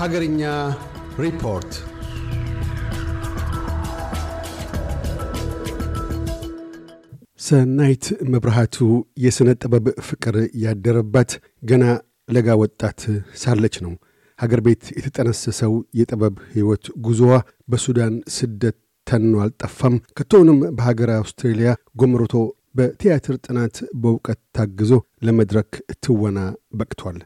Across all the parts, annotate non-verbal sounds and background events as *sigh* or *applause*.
ሀገርኛ ሪፖርት ሰናይት መብርሃቱ የሥነ ጥበብ ፍቅር ያደረባት ገና ለጋ ወጣት ሳለች ነው። ሀገር ቤት የተጠነሰሰው የጥበብ ሕይወት ጉዞዋ በሱዳን ስደት ተኖ አልጠፋም። ከቶውንም በሀገር አውስትሬልያ ጎምሮቶ በቲያትር ጥናት በእውቀት ታግዞ ለመድረክ ትወና በቅቷል።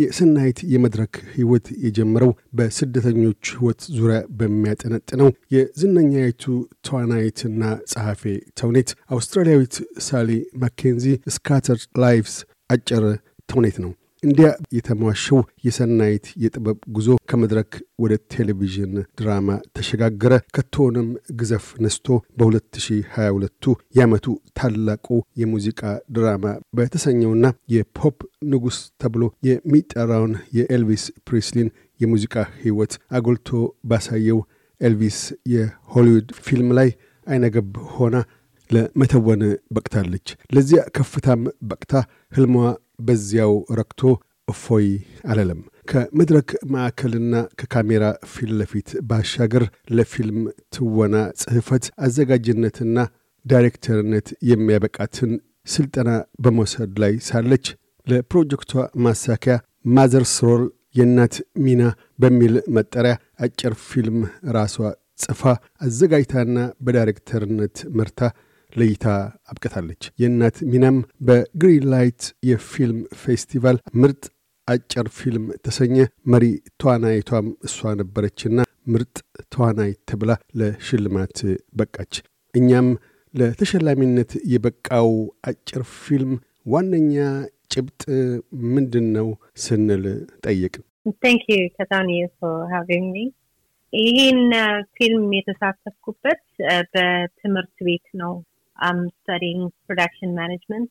የሰናይት የመድረክ ህይወት የጀመረው በስደተኞች ህይወት ዙሪያ በሚያጠነጥነው የዝነኛይቱ ተዋናይትና ጸሐፌ ተውኔት አውስትራሊያዊት ሳሊ ማኬንዚ ስካተር ላይቭስ አጭር ተውኔት ነው። እንዲያ የተሟሸው የሰናይት የጥበብ ጉዞ ከመድረክ ወደ ቴሌቪዥን ድራማ ተሸጋገረ። ከቶንም ግዘፍ ነስቶ በ2022 የዓመቱ ታላቁ የሙዚቃ ድራማ በተሰኘውና የፖፕ ንጉሥ ተብሎ የሚጠራውን የኤልቪስ ፕሪስሊን የሙዚቃ ሕይወት አጎልቶ ባሳየው ኤልቪስ የሆሊውድ ፊልም ላይ አይነገብ ሆና ለመተወን በቅታለች። ለዚያ ከፍታም በቅታ ህልሟ በዚያው ረክቶ እፎይ አለለም። ከመድረክ ማዕከልና ከካሜራ ፊት ለፊት ባሻገር ለፊልም ትወና ጽሕፈት አዘጋጅነትና ዳይሬክተርነት የሚያበቃትን ስልጠና በመውሰድ ላይ ሳለች ለፕሮጀክቷ ማሳኪያ ማዘርስ ሮል የእናት ሚና በሚል መጠሪያ አጭር ፊልም ራሷ ጽፋ አዘጋጅታና በዳይሬክተርነት መርታ ለእይታ አብቅታለች። የእናት ሚናም በግሪን ላይት የፊልም ፌስቲቫል ምርጥ አጭር ፊልም ተሰኘ። መሪ ተዋናይቷም እሷ ነበረችና ምርጥ ተዋናይ ተብላ ለሽልማት በቃች። እኛም ለተሸላሚነት የበቃው አጭር ፊልም ዋነኛ ጭብጥ ምንድን ነው ስንል ጠየቅን። ይህን ፊልም የተሳተፍኩበት በትምህርት ቤት ነው። አም ስታዲንግ ፕሮዳክሽን ማኔጅመንት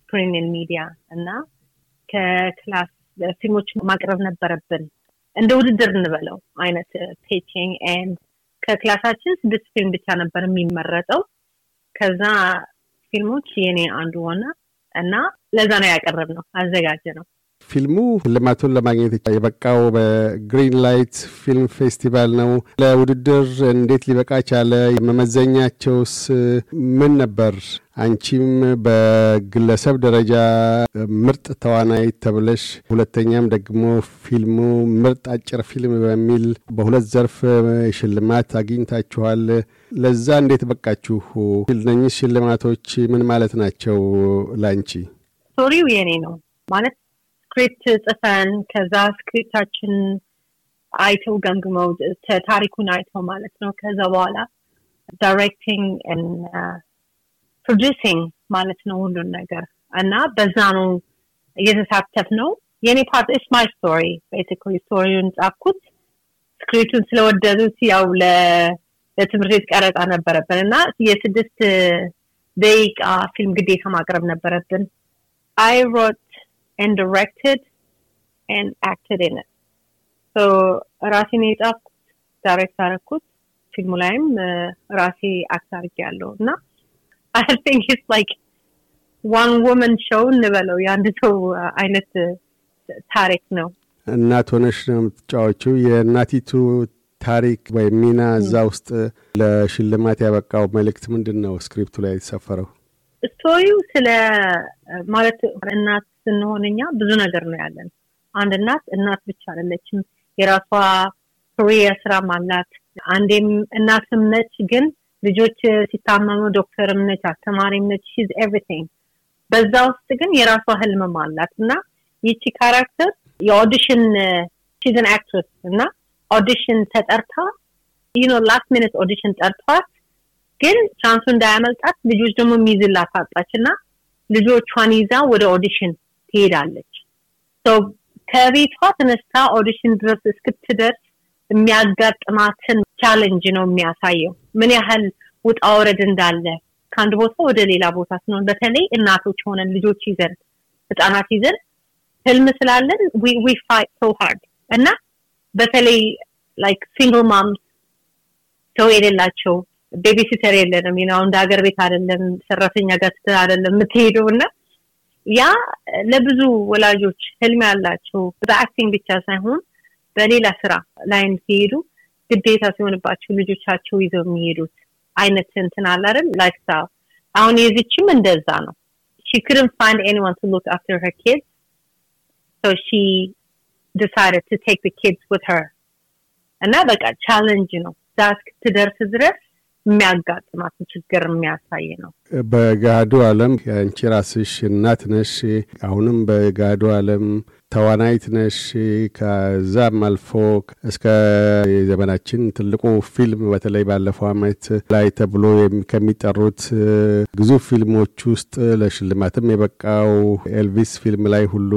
ስክሪን ኤንድ ሚዲያ እና ከክላስ ፊልሞች ማቅረብ ነበረብን። እንደ ውድድር እንበለው አይነት ፔቺንግ ኤንድ ከክላሳችን ስድስት ፊልም ብቻ ነበር የሚመረጠው። ከዛ ፊልሞች የኔ አንዱ ሆነ እና ለዛ ነው ያቀረብ ነው አዘጋጀ ነው ፊልሙ ሽልማቱን ለማግኘት የበቃው በግሪን ላይት ፊልም ፌስቲቫል ነው። ለውድድር እንዴት ሊበቃ ቻለ? መመዘኛቸውስ ምን ነበር? አንቺም በግለሰብ ደረጃ ምርጥ ተዋናይ ተብለሽ ሁለተኛም ደግሞ ፊልሙ ምርጥ አጭር ፊልም በሚል በሁለት ዘርፍ ሽልማት አግኝታችኋል። ለዛ እንዴት በቃችሁ? እነኚህ ሽልማቶች ምን ማለት ናቸው? ለአንቺ? ስቶሪው የኔ ነው ማለት ስክሪፕት ጽፈን ከዛ ስክሪፕታችን አይተው ገምግመው ታሪኩን አይተው ማለት ነው። ከዛ በኋላ ዳይሬክቲንግ ፕሮዲሲንግ uh, ማለት ነው ሁሉን ነገር እና በዛ ነው እየተሳተፍ ነው። የኔ ፓርት ኢስ ማይ ስቶሪ ቤሲካሊ ስቶሪውን ጻፍኩት። ስክሪፕቱን ስለወደዱት ያው ለትምህርት ቤት ቀረጻ ነበረብን እና የስድስት ደቂቃ ፊልም ግዴታ ማቅረብ ነበረብን። አይ ሮት and directed and acted in it. So ራሴን የጻፍኩት ዳይሬክት አረኩት ፊልሙ ላይም ራሴ አክት አድርጌያለሁ እና አይ ቲንክ ኢትስ ላይክ ዋን ወመን ሾው እንበለው የአንድ ሰው አይነት ታሪክ ነው። እናት ሆነሽ ነው የምትጫወችው። የእናቲቱ ታሪክ ወይም ሚና እዛ ውስጥ ለሽልማት ያበቃው መልእክት ምንድን ነው? ስክሪፕቱ ላይ የተሰፈረው ስቶሪው ስለ ማለት እናት ስንሆን እኛ ብዙ ነገር ነው ያለን። አንድ እናት እናት ብቻ አይደለችም። የራሷ የስራ ስራም አላት። አንዴም እናትም ነች፣ ግን ልጆች ሲታመሙ ዶክተርም ነች፣ አስተማሪም ነች። ሺዝ ኤቭሪቲንግ። በዛ ውስጥ ግን የራሷ ህልምም አላት እና ይቺ ካራክተር የኦዲሽን ሺዝን አክትረስ እና ኦዲሽን ተጠርታ ዩኖ ላስት ሚኒት ኦዲሽን ጠርቷት ግን ቻንሱ እንዳያመልጣት ልጆች ደግሞ የሚይዝላት አጣች እና ልጆቿን ይዛ ወደ ኦዲሽን ትሄዳለች። ከቤቷ ተነስታ ኦዲሽን ድረስ እስክትደርስ የሚያጋጥማትን ቻለንጅ ነው የሚያሳየው ምን ያህል ውጣ ወረድ እንዳለ ከአንድ ቦታ ወደ ሌላ ቦታ ስንሆን በተለይ እናቶች ሆነን ልጆች ይዘን ህጻናት ይዘን ህልም ስላለን ዊ ፋይት ሶ ሃርድ እና በተለይ ላይክ ሲንግል ማምስ ሰው የሌላቸው ቤቢሲተር የለንም ነው እንደ ሀገር ቤት አይደለም ሰራተኛ ጋር ስትል አይደለም የምትሄደው እና ያ ለብዙ ወላጆች ህልም ያላቸው በአክቲንግ ብቻ ሳይሆን በሌላ ስራ ላይም ሲሄዱ ግዴታ ሲሆንባቸው ልጆቻቸው ይዘው የሚሄዱት አይነት እንትን አለ አይደል ላይፍ ስታይል አሁን የዚችም እንደዛ ነው ሺ ክድን ፋይንድ ኤኒዋን ቱ ሉክ አፍተር ሄር ኪድስ ሶ ሺ ዲሳይደድ ቱ ቴክ ዘ ኪድስ ዊዝ ሄር እና በቃ ቻለንጅ ነው እዛ እስክትደርስ ድረስ የሚያጋጥማትን ችግር የሚያሳይ ነው። በገሃዱ ዓለም አንቺ ራስሽ እናት ነሽ። አሁንም በገሃዱ ዓለም ተዋናይት ነሽ። ከዛም አልፎ እስከ የዘመናችን ትልቁ ፊልም በተለይ ባለፈው ዓመት ላይ ተብሎ ከሚጠሩት ግዙፍ ፊልሞች ውስጥ ለሽልማትም የበቃው ኤልቪስ ፊልም ላይ ሁሉ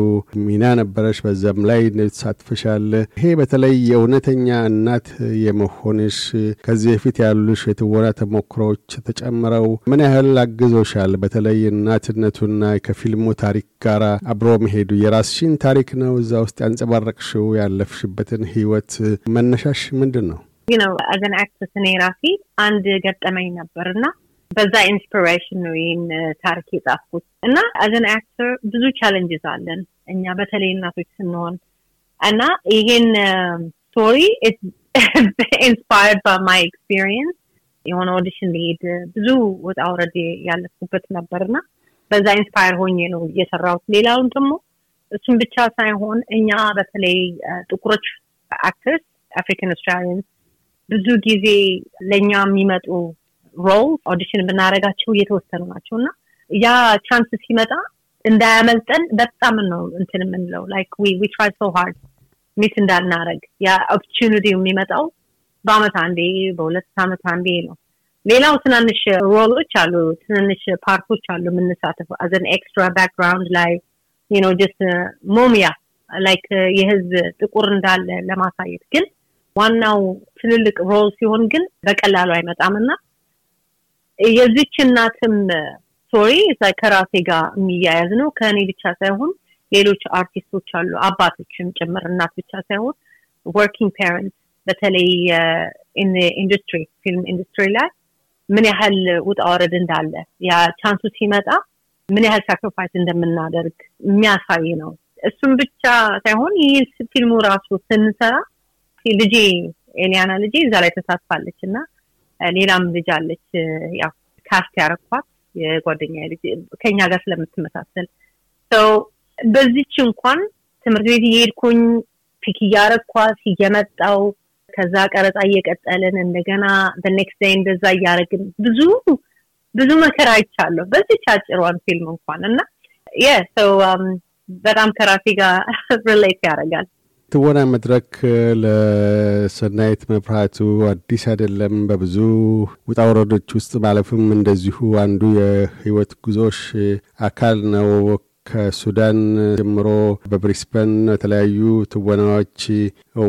ሚና ነበረሽ። በዛም ላይ ተሳትፈሻል። ይሄ በተለይ የእውነተኛ እናት የመሆንሽ ከዚህ በፊት ያሉሽ የትወና ተሞክሮች ተጨምረው ምን ያህል አግዞሻል? በተለይ እናትነቱና ከፊልሙ ታሪክ ጋር አብሮ መሄዱ የራስሽን ታሪክ ነው እዛ ውስጥ ያንጸባረቅሽው። ያለፍሽበትን ህይወት መነሻሽ ምንድን ነው? ነው አዘን አክሰስ እኔ ራሴ አንድ ገጠመኝ ነበር እና በዛ ኢንስፒሬሽን ነው ይህን ታሪክ የጻፍኩት እና አዘን አክተር ብዙ ቻለንጅስ አለን እኛ በተለይ እናቶች ስንሆን እና ይሄን ስቶሪ ኢንስፓርድ ባይ ማይ ኤክስፒሪየንስ የሆነ ኦዲሽን ሊሄድ ብዙ ወጣ ውረድ ያለፍኩበት ነበር እና በዛ ኢንስፓየር ሆኜ ነው እየሰራሁት። ሌላውን ደግሞ እሱም ብቻ ሳይሆን እኛ በተለይ ጥቁሮች አክትርስ አፍሪካን ኦስትራሊያንስ ብዙ ጊዜ ለእኛ የሚመጡ ሮል ኦዲሽን ብናደረጋቸው እየተወሰኑ ናቸው እና ያ ቻንስ ሲመጣ እንዳያመልጠን በጣም ነው እንትን የምንለው ላይክ ዊ ትራይ ሶ ሃርድ ሚስ እንዳናረግ ያ ኦፖርቹኒቲ የሚመጣው በአመት አንዴ በሁለት አመት አንዴ ነው ሌላው ትናንሽ ሮሎች አሉ፣ ትናንሽ ፓርቶች አሉ የምንሳተፉ አዘን ኤክስትራ ባክግራውንድ ላይ ነው ጀስት ሞሚያ ላይክ የህዝብ ጥቁር እንዳለ ለማሳየት ግን ዋናው ትልልቅ ሮል ሲሆን ግን በቀላሉ አይመጣም እና የዚች እናትም ስቶሪ ከራሴ ጋር የሚያያዝ ነው። ከእኔ ብቻ ሳይሆን ሌሎች አርቲስቶች አሉ፣ አባቶችም ጭምር እናት ብቻ ሳይሆን ወርኪንግ ፓረንት በተለይ ኢንዱስትሪ ፊልም ኢንዱስትሪ ላይ ምን ያህል ውጣ ወረድ እንዳለ ያ ቻንሱ ሲመጣ ምን ያህል ሳክሪፋይስ እንደምናደርግ የሚያሳይ ነው። እሱም ብቻ ሳይሆን ይህ ፊልሙ ራሱ ስንሰራ ልጄ ኤሊያና ልጄ እዛ ላይ ተሳትፋለች እና ሌላም ልጅ አለች ያው ካስት ያረኳት የጓደኛ ልጅ ከኛ ጋር ስለምትመሳሰል ሰው በዚች እንኳን ትምህርት ቤት እየሄድኩኝ ፒክ እያረኳት እየመጣው ከዛ ቀረጻ እየቀጠልን እንደገና ኔክስት ዴይ እንደዛ እያደረግን ብዙ ብዙ መከራ አይቻለሁ በዚች አጭሯን ፊልም እንኳን እና ሰው um, በጣም ከራሴ ጋር ሪሌት *laughs* ያደርጋል። ትወና መድረክ ለሰናይት መብራቱ አዲስ አይደለም። በብዙ ውጣውረዶች ውስጥ ማለፍም እንደዚሁ አንዱ የህይወት ጉዞሽ አካል ነው። ከሱዳን ጀምሮ በብሪስበን የተለያዩ ትወናዎች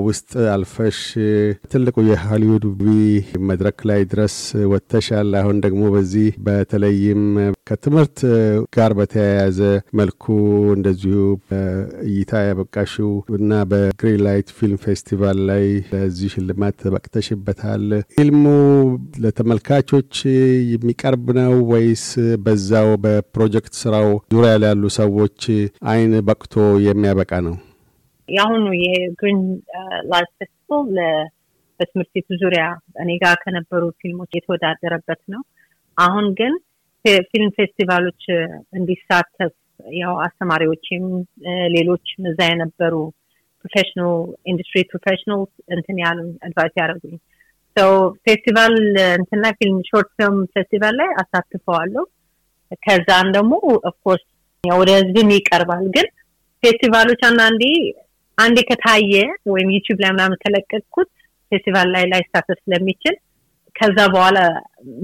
ውስጥ አልፈሽ ትልቁ የሆሊውድ መድረክ ላይ ድረስ ወጥተሻል። አሁን ደግሞ በዚህ በተለይም ከትምህርት ጋር በተያያዘ መልኩ እንደዚሁ በእይታ ያበቃሽው እና በግሪን ላይት ፊልም ፌስቲቫል ላይ ለዚህ ሽልማት ተበቅተሽበታል። ፊልሙ ለተመልካቾች የሚቀርብ ነው ወይስ በዛው በፕሮጀክት ስራው ዙሪያ ላሉ ሰው ሰዎች አይን በቅቶ የሚያበቃ ነው። የአሁኑ የግሪን ላይፍ ፌስቲቫል በትምህርት ቤቱ ዙሪያ እኔ ጋር ከነበሩ ፊልሞች የተወዳደረበት ነው። አሁን ግን ፊልም ፌስቲቫሎች እንዲሳተፍ ያው አስተማሪዎችም ሌሎች እዛ የነበሩ ፕሮፌሽናል ኢንዱስትሪ ፕሮፌሽናል እንትን ያሉ አድቫይስ ያደረጉኝ ሰው ፌስቲቫል እንትና ፊልም ሾርት ፊልም ፌስቲቫል ላይ አሳትፈዋለሁ። ከዛም ደግሞ ኦፍኮርስ ያው ወደ ህዝብም ይቀርባል። ግን ፌስቲቫሎች አንዳንዴ አንዴ ከታየ ወይም ዩቲብ ላይ ምናምን ከለቀቅኩት ፌስቲቫል ላይ ላይሳተፍ ስለሚችል ከዛ በኋላ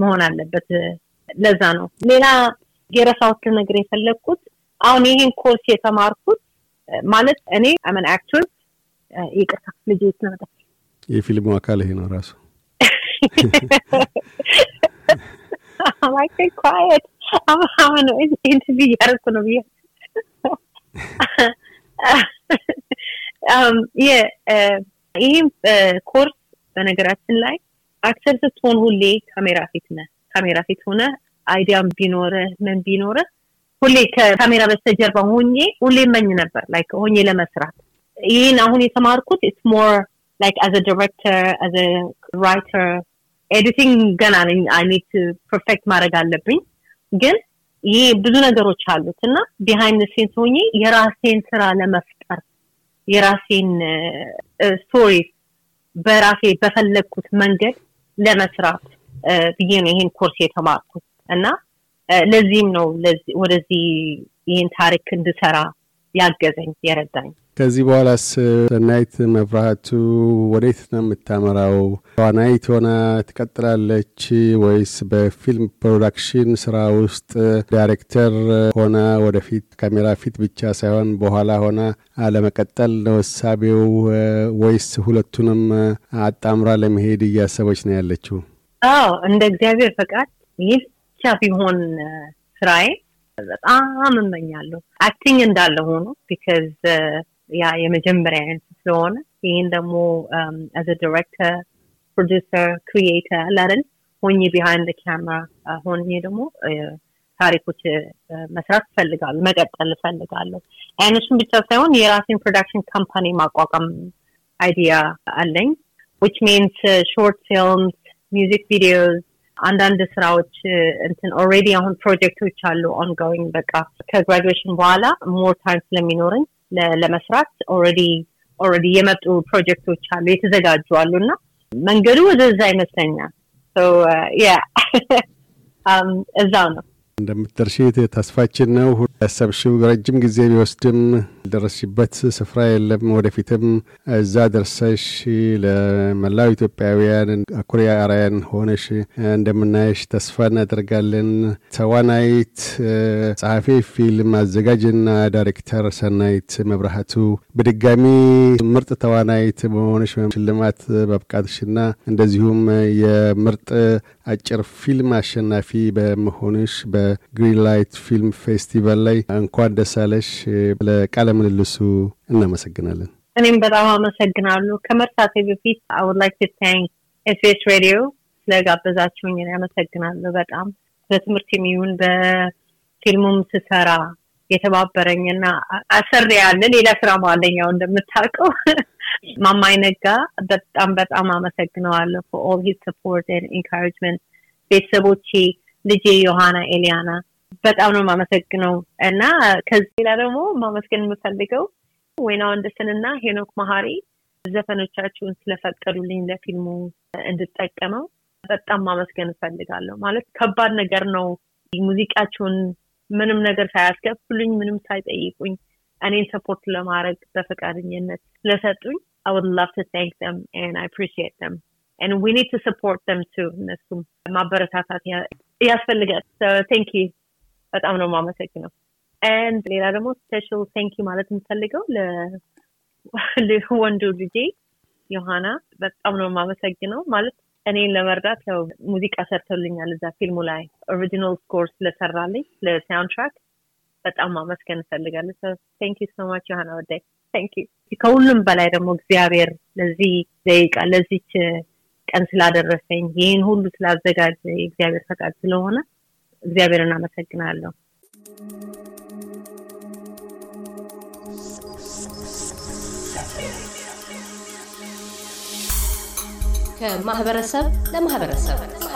መሆን አለበት። ለዛ ነው ሌላ የረሳሁት ነገር የፈለግኩት አሁን ይህን ኮርስ የተማርኩት ማለት እኔ አመን አክቹዋል ይቅርታ ልጅ ስለመጣ የፊልሙ አካል ይሄ ነው ራሱ ኳየት *laughs* አሁን ኢንተርቪው እያደረኩ ነው ብዬ ይህም ኮርስ በነገራችን ላይ አክተር ስትሆን ሁሌ ካሜራ ፊት ነ ካሜራ ፊት ሆነ አይዲያም ቢኖረ ምን ቢኖረ ሁሌ ከካሜራ በስተጀርባ ሆኜ ሁሌ መኝ ነበር ላይክ ሆኜ ለመስራት ይህን አሁን የተማርኩት ኢትስ ሞር ላይክ አዘ ዲሬክተር አዘ ራይተር ኤዲቲንግ ገና ነኝ አይ ኒድ ፐርፌክት ማድረግ አለብኝ ግን ይህ ብዙ ነገሮች አሉት እና ቢሃይንድ ሴንስ ሆኜ የራሴን ስራ ለመፍጠር የራሴን ስቶሪ በራሴ በፈለግኩት መንገድ ለመስራት ብዬ ነው ይሄን ኮርስ የተማርኩት እና ለዚህም ነው ወደዚህ ይህን ታሪክ እንድሰራ ያገዘኝ የረዳኝ። ከዚህ በኋላስ ሰናይት መብራቱ ወዴት ነው የምታመራው? ተዋናይት ሆና ትቀጥላለች ወይስ በፊልም ፕሮዳክሽን ስራ ውስጥ ዳይሬክተር ሆና ወደፊት ካሜራ ፊት ብቻ ሳይሆን በኋላ ሆና ለመቀጠል ነው እሳቤው ወይስ ሁለቱንም አጣምራ ለመሄድ እያሰበች ነው ያለችው? አዎ እንደ እግዚአብሔር ፈቃድ ይህ ብቻ ቢሆን ስራዬ በጣም እመኛለሁ። አክቲንግ እንዳለ ሆኖ ቢካዝ ያ የመጀመሪያ አይነት ስለሆነ ይህን ደግሞ አዘ ዲሬክተር ፕሮዲሰር ክሪኤተር አላደል ሆኜ ቢሃይንድ ካሜራ uh, ሆኜ ደግሞ uh, ታሪኮች uh, መስራት እፈልጋለሁ፣ መቀጠል እፈልጋለሁ። አይነሱን ብቻ ሳይሆን የራሴን ፕሮዳክሽን ካምፓኒ ማቋቋም አይዲያ አለኝ። ዊች ሚንስ ሾርት ፊልምስ፣ ሚዚክ ቪዲዮስ፣ አንዳንድ ስራዎች እንትን ኦሬዲ አሁን ፕሮጀክቶች አሉ ኦንጎይንግ። በቃ ከግራጁዌሽን በኋላ ሞር ታይም ስለሚኖረኝ ለመስራት ኦረዲ ኦረዲ የመጡ ፕሮጀክቶች አሉ የተዘጋጁ አሉ እና መንገዱ ወደዛ ይመስለኛል uh, *laughs* um, እዛው ነው እንደምትደርሺ ተስፋችን ነው ያሰብሽው ረጅም ጊዜ ቢወስድም ያልደረስሽበት ስፍራ የለም። ወደፊትም እዛ ደርሰሽ ለመላው ኢትዮጵያውያን አኩሪ አርያን ሆነሽ እንደምናየሽ ተስፋ እናደርጋለን። ተዋናይት፣ ጸሐፊ፣ ፊልም አዘጋጅና ዳይሬክተር ሰናይት መብርሃቱ በድጋሚ ምርጥ ተዋናይት በሆነሽ ሽልማት መብቃትሽና እንደዚሁም የምርጥ አጭር ፊልም አሸናፊ በመሆንሽ ላይት ፊልም ፌስቲቫል ላይ እንኳን ደሳለሽ ለቃለ ምልልሱ እናመሰግናለን። እኔም በጣም አመሰግናሉ ከመርሳቴ በፊት አይ ውድ ላይክ ቱ ታንክ ኤስቢኤስ ሬዲዮ ስለጋበዛችሁኝ አመሰግናለሁ። በጣም በትምህርት የሚሆን በፊልሙም ስሰራ የተባበረኝ የተባበረኝና አሰር ያለ ሌላ ስራ ማለኛው እንደምታውቀው *laughs* ማማይ ነጋ በጣም በጣም አመሰግነዋለሁ። ፎር ኦል ሂዝ ሰፖርት ኤንድ ኢንካሬጅመንት ቤተሰቦቼ፣ ልጄ ዮሐና ኤሊያና በጣም ነው የማመሰግነው እና ከዚህ ሌላ ደግሞ ማመስገን የምፈልገው ወይና ወንደስን እና ሄኖክ መሀሪ ዘፈኖቻችሁን ስለፈቀዱልኝ ለፊልሙ እንድጠቀመው በጣም ማመስገን እፈልጋለሁ። ማለት ከባድ ነገር ነው። ሙዚቃችሁን ምንም ነገር ሳያስከፍሉኝ፣ ምንም ሳይጠይቁኝ እኔን ሰፖርት ለማድረግ በፈቃደኝነት ስለሰጡኝ I would love to thank them and I appreciate them. And we need to support them too. እነሱም ማበረታታት ያስፈልጋል። ቴንክ ዩ በጣም ነው የማመሰግነው። አንድ ሌላ ደግሞ ስፔሻል ቴንኪ ማለት የምፈልገው ለወንዱ ልጄ ዮሐና በጣም ነው የማመሰግነው ማለት እኔን ለመርዳት ያው ሙዚቃ ሰርተልኛል እዛ ፊልሙ ላይ ኦሪጂናል ስኮር ስለሰራልኝ ለሳውንትራክ በጣም ማመስገን እፈልጋለሁ። ቴንክ ዩ ሶማች ዮሐና ወዳይ ቴንክ ዩ። ከሁሉም በላይ ደግሞ እግዚአብሔር ለዚህ ዘይቃ ለዚች ቀን ስላደረሰኝ ይህን ሁሉ ስላዘጋጀ የእግዚአብሔር ፈቃድ ስለሆነ እግዚአብሔርን አመሰግናለሁ። ከማህበረሰብ ለማህበረሰብ